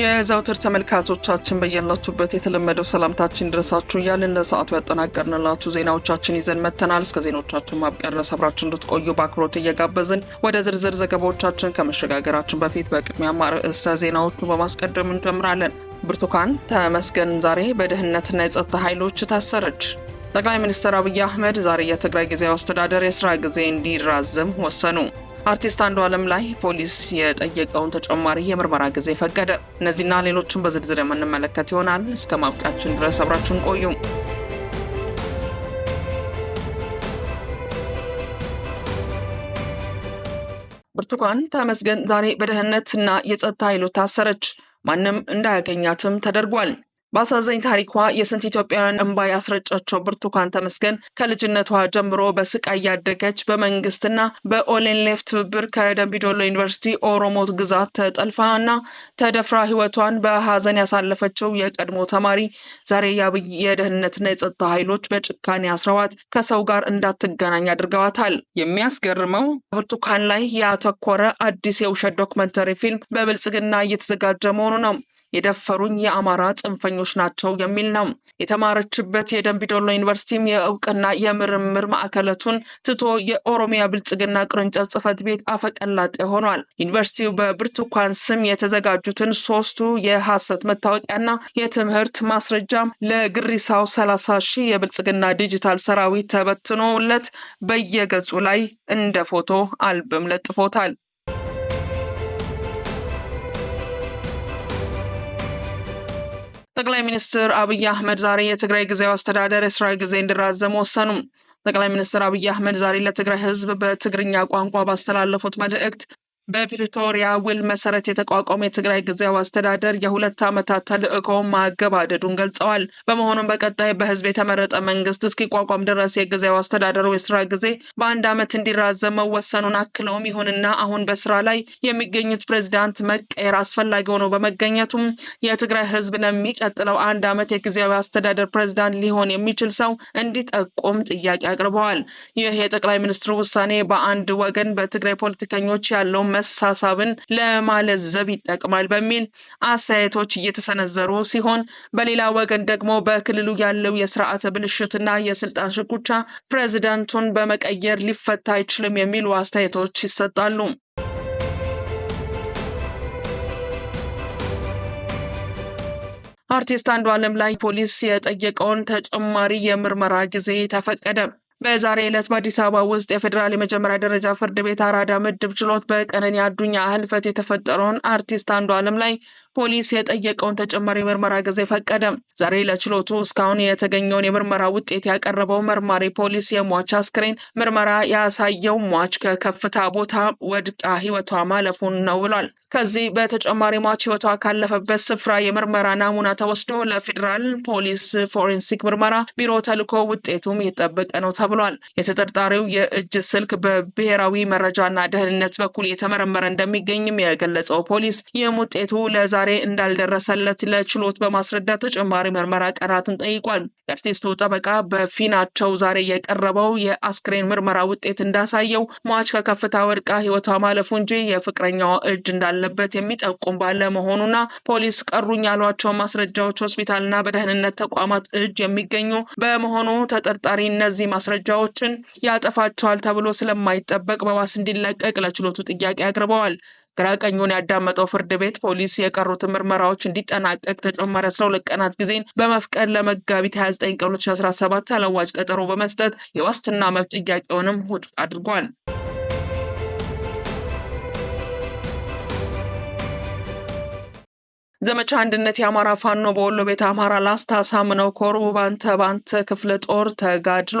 የዘውትር ተመልካቾቻችን በያላችሁበት የተለመደው ሰላምታችን ድረሳችሁ እያልን ለሰዓቱ ያጠናቀርንላችሁ ዜናዎቻችን ይዘን መጥተናል። እስከ ዜናዎቻችን ማብቂያ ድረስ እንድትቆዩ በአክብሮት እየጋበዝን ወደ ዝርዝር ዘገባዎቻችን ከመሸጋገራችን በፊት በቅድሚያ ርዕሰ ዜናዎቹን በማስቀደም እንጀምራለን። ብርቱካን ተመስገን ዛሬ በደህንነትና የጸጥታ ኃይሎች ታሰረች። ጠቅላይ ሚኒስትር አብይ አህመድ ዛሬ የትግራይ ጊዜያዊ አስተዳደር የስራ ጊዜ እንዲራዘም ወሰኑ። አርቲስት አንዱ አለም ላይ ፖሊስ የጠየቀውን ተጨማሪ የምርመራ ጊዜ ፈቀደ። እነዚህና ሌሎችን በዝርዝር የምንመለከት ይሆናል። እስከ ማብቂያችን ድረስ አብራችሁን ቆዩ። ብርቱካን ተመስገን ዛሬ በደህንነትና የጸጥታ ኃይሎች ታሰረች። ማንም እንዳያገኛትም ተደርጓል። በአሳዛኝ ታሪኳ የስንት ኢትዮጵያውያን እንባ ያስረጫቸው ብርቱካን ተመስገን ከልጅነቷ ጀምሮ በስቃይ እያደገች በመንግስትና ሌፍ ትብብር ከደምቢዶሎ ዩኒቨርሲቲ ኦሮሞ ግዛት ተጠልፋ እና ተደፍራ ህይወቷን በሀዘን ያሳለፈችው የቀድሞ ተማሪ ዛሬ የአብይ የደህንነትና የጸጥታ ኃይሎች በጭካኔ አስረዋት ከሰው ጋር እንዳትገናኝ አድርገዋታል። የሚያስገርመው ብርቱካን ላይ ያተኮረ አዲስ የውሸት ዶክመንተሪ ፊልም በብልጽግና እየተዘጋጀ መሆኑ ነው። የደፈሩኝ የአማራ ጽንፈኞች ናቸው የሚል ነው። የተማረችበት የደምቢዶሎ ዩኒቨርሲቲም የእውቅና የምርምር ማዕከለቱን ትቶ የኦሮሚያ ብልጽግና ቅርንጫፍ ጽህፈት ቤት አፈቀላጤ ሆኗል። ዩኒቨርሲቲው በብርቱካን ስም የተዘጋጁትን ሶስቱ የሐሰት መታወቂያና የትምህርት ማስረጃ ለግሪሳው 30 ሺህ የብልጽግና ዲጂታል ሰራዊት ተበትኖለት በየገጹ ላይ እንደ ፎቶ አልበም ለጥፎታል። ጠቅላይ ሚኒስትር አብይ አህመድ ዛሬ የትግራይ ጊዜያዊ አስተዳደር የስራ ጊዜ እንዲራዘም ወሰኑ። ጠቅላይ ሚኒስትር አብይ አህመድ ዛሬ ለትግራይ ህዝብ በትግርኛ ቋንቋ ባስተላለፉት መልእክት በፕሪቶሪያ ውል መሰረት የተቋቋመ የትግራይ ጊዜያዊ አስተዳደር የሁለት ዓመታት ተልዕኮውን ማገባደዱን ገልጸዋል። በመሆኑም በቀጣይ በህዝብ የተመረጠ መንግስት እስኪቋቋም ድረስ የጊዜያዊ አስተዳደሩ የስራ ጊዜ በአንድ ዓመት እንዲራዘም መወሰኑን አክለውም ይሁንና አሁን በስራ ላይ የሚገኙት ፕሬዚዳንት መቀየር አስፈላጊ ሆኖ በመገኘቱም የትግራይ ህዝብ ለሚቀጥለው አንድ ዓመት የጊዜያዊ አስተዳደር ፕሬዚዳንት ሊሆን የሚችል ሰው እንዲጠቁም ጥያቄ አቅርበዋል። ይህ የጠቅላይ ሚኒስትሩ ውሳኔ በአንድ ወገን በትግራይ ፖለቲከኞች ያለውን መሳሳብን ለማለዘብ ይጠቅማል በሚል አስተያየቶች እየተሰነዘሩ ሲሆን በሌላ ወገን ደግሞ በክልሉ ያለው የስርዓተ ብልሽትና የስልጣን ሽኩቻ ፕሬዚዳንቱን በመቀየር ሊፈታ አይችልም የሚሉ አስተያየቶች ይሰጣሉ። አርቲስት አንዱ ዓለም ላይ ፖሊስ የጠየቀውን ተጨማሪ የምርመራ ጊዜ ተፈቀደ። በዛሬ ዕለት በአዲስ አበባ ውስጥ የፌዴራል የመጀመሪያ ደረጃ ፍርድ ቤት አራዳ ምድብ ችሎት በቀነኒ አዱኛ ህልፈት የተፈጠረውን አርቲስት አንዱ አለም ላይ ፖሊስ የጠየቀውን ተጨማሪ የምርመራ ጊዜ ፈቀደ። ዛሬ ለችሎቱ እስካሁን የተገኘውን የምርመራ ውጤት ያቀረበው መርማሪ ፖሊስ የሟች አስክሬን ምርመራ ያሳየው ሟች ከከፍታ ቦታ ወድቃ ህይወቷ ማለፉን ነው ብሏል። ከዚህ በተጨማሪ ሟች ህይወቷ ካለፈበት ስፍራ የምርመራ ናሙና ተወስዶ ለፌዴራል ፖሊስ ፎሬንሲክ ምርመራ ቢሮ ተልኮ ውጤቱም የጠበቀ ነው ተብሏል። የተጠርጣሪው የእጅ ስልክ በብሔራዊ መረጃና ደህንነት በኩል የተመረመረ እንደሚገኝም የገለጸው ፖሊስ ይህም ውጤቱ ለዛ ዛሬ እንዳልደረሰለት ለችሎት በማስረዳት ተጨማሪ ምርመራ ቀናትን ጠይቋል። የአርቲስቱ ጠበቃ በፊናቸው ዛሬ የቀረበው የአስክሬን ምርመራ ውጤት እንዳሳየው ሟች ከከፍታ ወድቃ ህይወቷ ማለፉ እንጂ የፍቅረኛዋ እጅ እንዳለበት የሚጠቁም ባለ መሆኑና ፖሊስ ቀሩኝ ያሏቸው ማስረጃዎች ሆስፒታልና በደህንነት ተቋማት እጅ የሚገኙ በመሆኑ ተጠርጣሪ እነዚህ ማስረጃዎችን ያጠፋቸዋል ተብሎ ስለማይጠበቅ በዋስ እንዲለቀቅ ለችሎቱ ጥያቄ አቅርበዋል። ግራ ቀኙን ያዳመጠው ፍርድ ቤት ፖሊስ የቀሩትን ምርመራዎች እንዲጠናቀቅ ተጨማሪ 12 ቀናት ጊዜን በመፍቀድ ለመጋቢት 29 ቀን 2017 ተለዋጭ ቀጠሮ በመስጠት የዋስትና መብት ጥያቄውንም ውድቅ አድርጓል። ዘመቻ አንድነት የአማራ ፋኖ በወሎ ቤት አማራ ላስታ ሳምነው ኮር ውባንተ ባንተ ክፍለ ጦር ተጋድሎ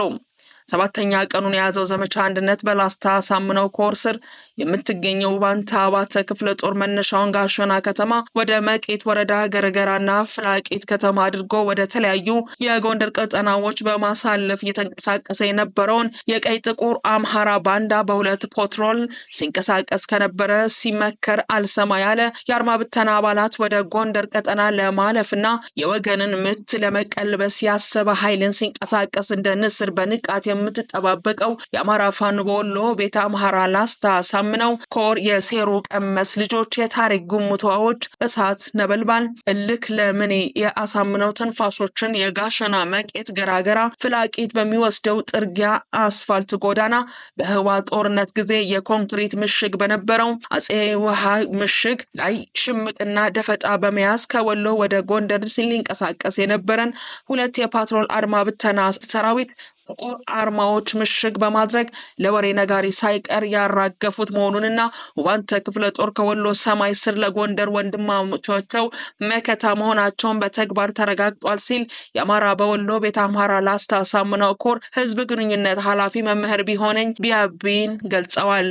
ሰባተኛ ቀኑን የያዘው ዘመቻ አንድነት በላስታ ሳምነው ኮር ስር የምትገኘው ባንታ አባተ ክፍለ ጦር መነሻውን ጋሸና ከተማ ወደ መቄት ወረዳ ገረገራና ፍላቄት ከተማ አድርጎ ወደ ተለያዩ የጎንደር ቀጠናዎች በማሳለፍ እየተንቀሳቀሰ የነበረውን የቀይ ጥቁር አምሃራ ባንዳ በሁለት ፖትሮል ሲንቀሳቀስ ከነበረ ሲመከር አልሰማ ያለ የአርማ ብተና አባላት ወደ ጎንደር ቀጠና ለማለፍና የወገንን ምት ለመቀልበስ ያሰበ ኃይልን ሲንቀሳቀስ እንደ ንስር በንቃት የምትጠባበቀው የአማራ ፋኖ በወሎ ቤተ አምሃራ ላስታ ሳምነው ኮር የሴሩ ቀመስ ልጆች የታሪክ ጉምቷዎች እሳት ነበልባል እልክ ለምኔ የአሳምነው ትንፋሾችን የጋሸና መቄት ገራገራ ፍላቂት በሚወስደው ጥርጊያ አስፋልት ጎዳና በህዋ ጦርነት ጊዜ የኮንክሪት ምሽግ በነበረው አጼ ውሃ ምሽግ ላይ ሽምጥና ደፈጣ በመያዝ ከወሎ ወደ ጎንደር ሲሊንቀሳቀስ የነበረን ሁለት የፓትሮል አድማ ብተና ሰራዊት ጥቁር አርማዎች ምሽግ በማድረግ ለወሬ ነጋሪ ሳይቀር ያራገፉት መሆኑንና ዋንተ ክፍለ ጦር ከወሎ ሰማይ ስር ለጎንደር ወንድማቸው መከታ መሆናቸውን በተግባር ተረጋግጧል ሲል የአማራ በወሎ ቤት አምሃራ ላስታ ሳምናው ኮር ህዝብ ግንኙነት ኃላፊ መምህር ቢሆነኝ ቢያቢን ገልጸዋል።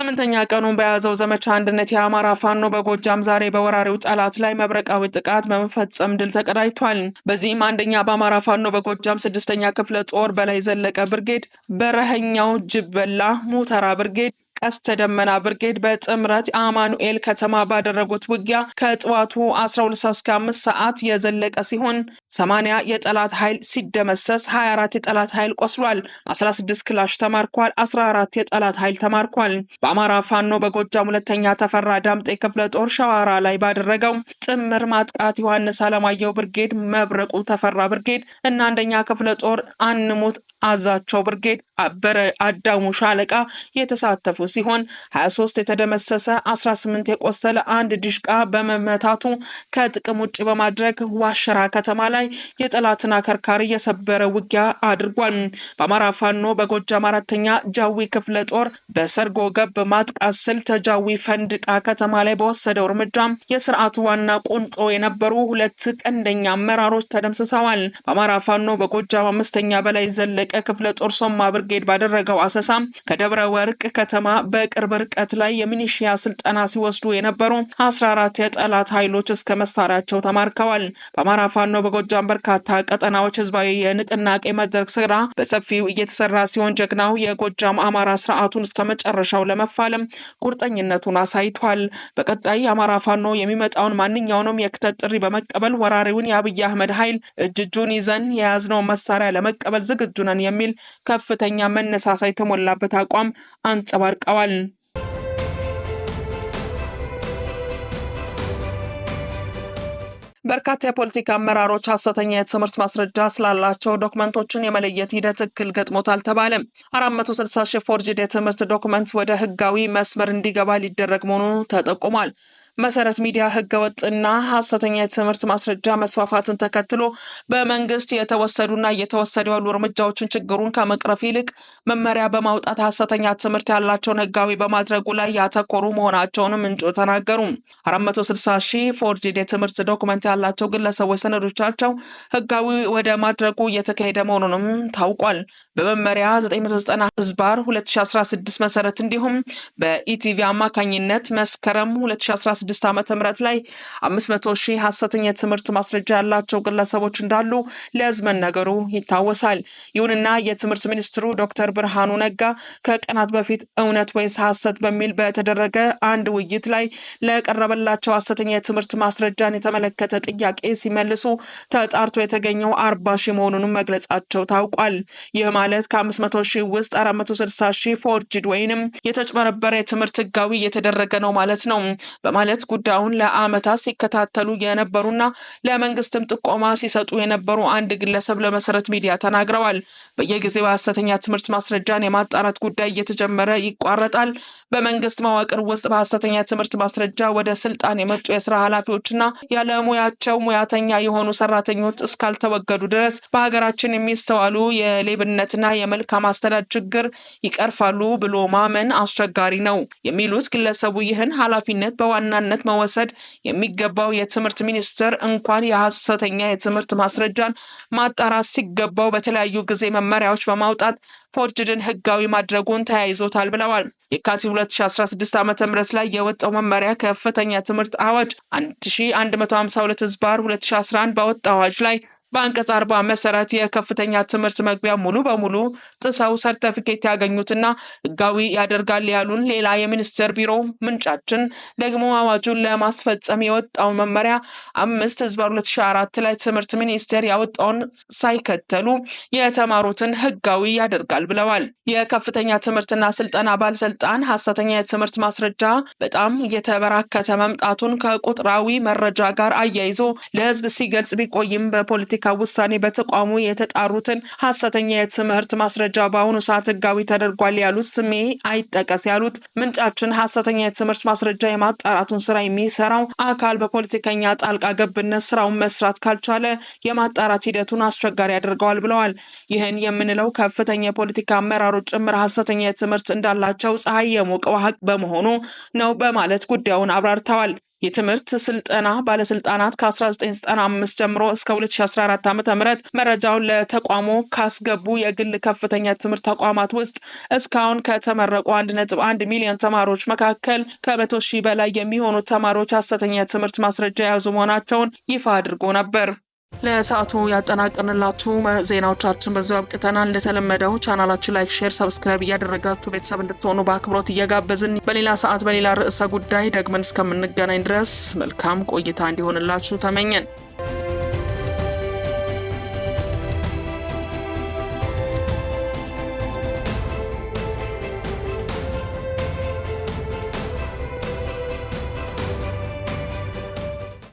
ስምንተኛ ቀኑን በያዘው ዘመቻ አንድነት የአማራ ፋኖ በጎጃም ዛሬ በወራሪው ጠላት ላይ መብረቃዊ ጥቃት በመፈጸም ድል ተቀዳጅቷል። በዚህም አንደኛ በአማራ ፋኖ በጎጃም ስድስተኛ ክፍለ ጦር በላይ ዘለቀ ብርጌድ፣ በረሀኛው ጅበላ ሙተራ ብርጌድ ቀስተ ደመና ብርጌድ በጥምረት አማኑኤል ከተማ ባደረጉት ውጊያ ከጥዋቱ 12 እስከ 5 ሰዓት የዘለቀ ሲሆን 80 የጠላት ኃይል ሲደመሰስ 24 የጠላት ኃይል ቆስሏል፣ 16 ክላሽ ተማርኳል፣ 14 የጠላት ኃይል ተማርኳል። በአማራ ፋኖ በጎጃም ሁለተኛ ተፈራ ዳምጤ ክፍለ ጦር ሸዋራ ላይ ባደረገው ጥምር ማጥቃት ዮሐንስ አለማየሁ ብርጌድ፣ መብረቁ ተፈራ ብርጌድ እና አንደኛ ክፍለ ጦር አንሙት አዛቸው ብርጌድ፣ አበረ አዳሙ ሻለቃ የተሳተፉ ሲሆን 23 የተደመሰሰ 18 የቆሰለ አንድ ድሽቃ በመመታቱ ከጥቅም ውጭ በማድረግ ዋሸራ ከተማ ላይ የጠላትን አከርካሪ የሰበረ ውጊያ አድርጓል። በአማራ ፋኖ በጎጃም አራተኛ ጃዊ ክፍለ ጦር በሰርጎ ገብ ማጥቃት ስል ተጃዊ ፈንድቃ ከተማ ላይ በወሰደው እርምጃ የስርዓቱ ዋና ቁንጮ የነበሩ ሁለት ቀንደኛ አመራሮች ተደምስሰዋል። በአማራ ፋኖ በጎጃም አምስተኛ በላይ ዘለቀ ዘለቀ ክፍለ ጦር ሶማ ብርጌድ ባደረገው አሰሳ ከደብረ ወርቅ ከተማ በቅርብ ርቀት ላይ የሚኒሺያ ስልጠና ሲወስዱ የነበሩ አስራ አራት የጠላት ኃይሎች እስከ መሳሪያቸው ተማርከዋል። በአማራ ፋኖ በጎጃም በርካታ ቀጠናዎች ህዝባዊ የንቅናቄ መድረክ ስራ በሰፊው እየተሰራ ሲሆን ጀግናው የጎጃም አማራ ስርዓቱን እስከ መጨረሻው ለመፋለም ቁርጠኝነቱን አሳይቷል። በቀጣይ የአማራ ፋኖ የሚመጣውን ማንኛውንም የክተት ጥሪ በመቀበል ወራሪውን የአብይ አህመድ ኃይል እጅ እጁን ይዘን የያዝነውን መሳሪያ ለመቀበል ዝግጁ ነን እንችላለን የሚል ከፍተኛ መነሳሳይ የተሞላበት አቋም አንጸባርቀዋል። በርካታ የፖለቲካ አመራሮች ሀሰተኛ የትምህርት ማስረጃ ስላላቸው ዶክመንቶችን የመለየት ሂደት እክል ገጥሞታል ተባለ። አራት መቶ ሺህ ፎርጅድ የትምህርት ዶክመንት ወደ ህጋዊ መስመር እንዲገባ ሊደረግ መሆኑ ተጠቁሟል። መሰረት ሚዲያ ህገወጥና ሀሰተኛ የትምህርት ማስረጃ መስፋፋትን ተከትሎ በመንግስት የተወሰዱና እየተወሰዱ ያሉ እርምጃዎችን ችግሩን ከመቅረፍ ይልቅ መመሪያ በማውጣት ሀሰተኛ ትምህርት ያላቸውን ህጋዊ በማድረጉ ላይ ያተኮሩ መሆናቸውንም ምንጩ ተናገሩ። 460 ሺህ ፎርጅድ የትምህርት ዶክመንት ያላቸው ግለሰቦች ሰነዶቻቸው ህጋዊ ወደ ማድረጉ እየተካሄደ መሆኑንም ታውቋል። በመመሪያ 990 ህዝባር 2016 መሰረት እንዲሁም በኢቲቪ አማካኝነት መስከረም 2016 2016 ዓ ም ላይ 500 ሺህ ሀሰተኛ የትምህርት ማስረጃ ያላቸው ግለሰቦች እንዳሉ ለህዝብ መነገሩ ይታወሳል። ይሁንና የትምህርት ሚኒስትሩ ዶክተር ብርሃኑ ነጋ ከቀናት በፊት እውነት ወይስ ሀሰት በሚል በተደረገ አንድ ውይይት ላይ ለቀረበላቸው ሀሰተኛ የትምህርት ማስረጃን የተመለከተ ጥያቄ ሲመልሱ ተጣርቶ የተገኘው 40 ሺህ መሆኑንም መግለጻቸው ታውቋል። ይህ ማለት ከ500 ሺህ ውስጥ 460 ሺህ ፎርጅድ ወይንም የተጭበረበረ የትምህርት ህጋዊ እየተደረገ ነው ማለት ነው በማለት በቅርበት ጉዳዩን ለአመታት ሲከታተሉ የነበሩና ለመንግስትም ጥቆማ ሲሰጡ የነበሩ አንድ ግለሰብ ለመሰረት ሚዲያ ተናግረዋል። በየጊዜው ሀሰተኛ ትምህርት ማስረጃን የማጣራት ጉዳይ እየተጀመረ ይቋረጣል። በመንግስት መዋቅር ውስጥ በሀሰተኛ ትምህርት ማስረጃ ወደ ስልጣን የመጡ የስራ ኃላፊዎችና ያለሙያቸው ሙያተኛ የሆኑ ሰራተኞች እስካልተወገዱ ድረስ በሀገራችን የሚስተዋሉ የሌብነትና የመልካም አስተዳደር ችግር ይቀርፋሉ ብሎ ማመን አስቸጋሪ ነው የሚሉት ግለሰቡ ይህን ኃላፊነት በዋና በዋናነት መወሰድ የሚገባው የትምህርት ሚኒስቴር እንኳን የሀሰተኛ የትምህርት ማስረጃን ማጣራት ሲገባው በተለያዩ ጊዜ መመሪያዎች በማውጣት ፎርጅድን ህጋዊ ማድረጉን ተያይዞታል ብለዋል። የካቲት 2016 ዓ ም ላይ የወጣው መመሪያ ከፍተኛ ትምህርት አዋጅ 1152 ህዝባር 2011 በወጣ አዋጅ ላይ በአንቀጽ አርባ መሰረት የከፍተኛ ትምህርት መግቢያ ሙሉ በሙሉ ጥሰው ሰርተፊኬት ያገኙትና ህጋዊ ያደርጋል ያሉን ሌላ የሚኒስቴር ቢሮ ምንጫችን ደግሞ አዋጁን ለማስፈጸም የወጣው መመሪያ አምስት ህዝበ 2004 ላይ ትምህርት ሚኒስቴር ያወጣውን ሳይከተሉ የተማሩትን ህጋዊ ያደርጋል ብለዋል። የከፍተኛ ትምህርትና ስልጠና ባለስልጣን ሀሰተኛ የትምህርት ማስረጃ በጣም እየተበራከተ መምጣቱን ከቁጥራዊ መረጃ ጋር አያይዞ ለህዝብ ሲገልጽ ቢቆይም በፖለቲካ የፖለቲካ ውሳኔ በተቋሙ የተጣሩትን ሀሰተኛ የትምህርት ማስረጃ በአሁኑ ሰዓት ህጋዊ ተደርጓል ያሉት ስሜ አይጠቀስ ያሉት ምንጫችን ሀሰተኛ የትምህርት ማስረጃ የማጣራቱን ስራ የሚሰራው አካል በፖለቲከኛ ጣልቃ ገብነት ስራውን መስራት ካልቻለ የማጣራት ሂደቱን አስቸጋሪ ያደርገዋል ብለዋል። ይህን የምንለው ከፍተኛ የፖለቲካ አመራሮች ጭምር ሀሰተኛ ትምህርት እንዳላቸው ፀሐይ የሞቀው ሀቅ በመሆኑ ነው በማለት ጉዳዩን አብራርተዋል። የትምህርት ስልጠና ባለስልጣናት ከ1995 ጀምሮ እስከ 2014 ዓ ም መረጃውን ለተቋሙ ካስገቡ የግል ከፍተኛ ትምህርት ተቋማት ውስጥ እስካሁን ከተመረቁ 1.1 ሚሊዮን ተማሪዎች መካከል ከመቶ ሺህ በላይ የሚሆኑ ተማሪዎች ሐሰተኛ ትምህርት ማስረጃ የያዙ መሆናቸውን ይፋ አድርጎ ነበር። ለሰዓቱ ያጠናቀንላችሁ ዜናዎቻችን በዚ አብቅተናል። እንደተለመደው ቻናላችን ላይክ፣ ሼር፣ ሰብስክራይብ እያደረጋችሁ ቤተሰብ እንድትሆኑ በአክብሮት እየጋበዝን በሌላ ሰዓት በሌላ ርዕሰ ጉዳይ ደግመን እስከምንገናኝ ድረስ መልካም ቆይታ እንዲሆንላችሁ ተመኘን።